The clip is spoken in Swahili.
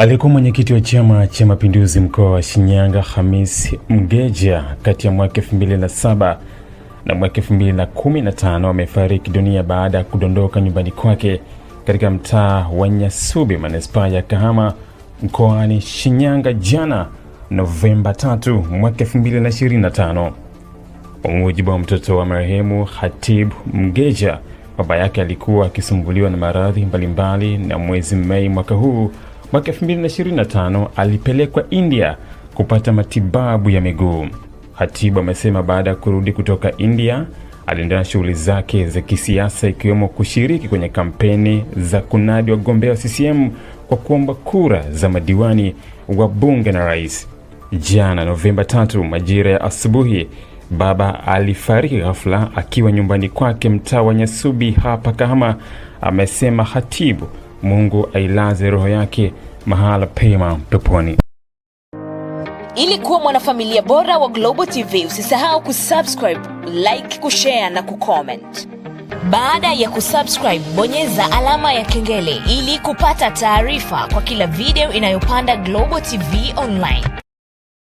Aliyekuwa mwenyekiti wa Chama cha Mapinduzi mkoa wa Shinyanga, Khamis Mgeja, kati ya mwaka 2007 na mwaka tano amefariki dunia baada ya kudondoka nyumbani kwake katika mtaa wa Nyasubi, manispaa ya Kahama, mkoani Shinyanga jana Novemba 3 mwaka tano. Kwa mujibu wa mtoto wa marehemu Khatibu Mgeja, baba yake alikuwa akisumbuliwa na maradhi mbalimbali, na mwezi Mei mwaka huu mwaka 2025 alipelekwa India kupata matibabu ya miguu. Hatibu amesema baada ya kurudi kutoka India aliendelea na shughuli zake za kisiasa ikiwemo kushiriki kwenye kampeni za kunadi wagombea wa CCM kwa kuomba kura za madiwani wa bunge na rais. Jana Novemba 3 majira ya asubuhi, baba alifariki ghafla akiwa nyumbani kwake mtaa wa Nyasubi hapa Kahama, amesema Hatibu Mungu ailaze roho yake mahala pema peponi. Ili kuwa mwanafamilia bora wa Global TV, usisahau kusubscribe, like, kushare na kucomment. Baada ya kusubscribe, bonyeza alama ya kengele ili kupata taarifa kwa kila video inayopanda Global TV Online.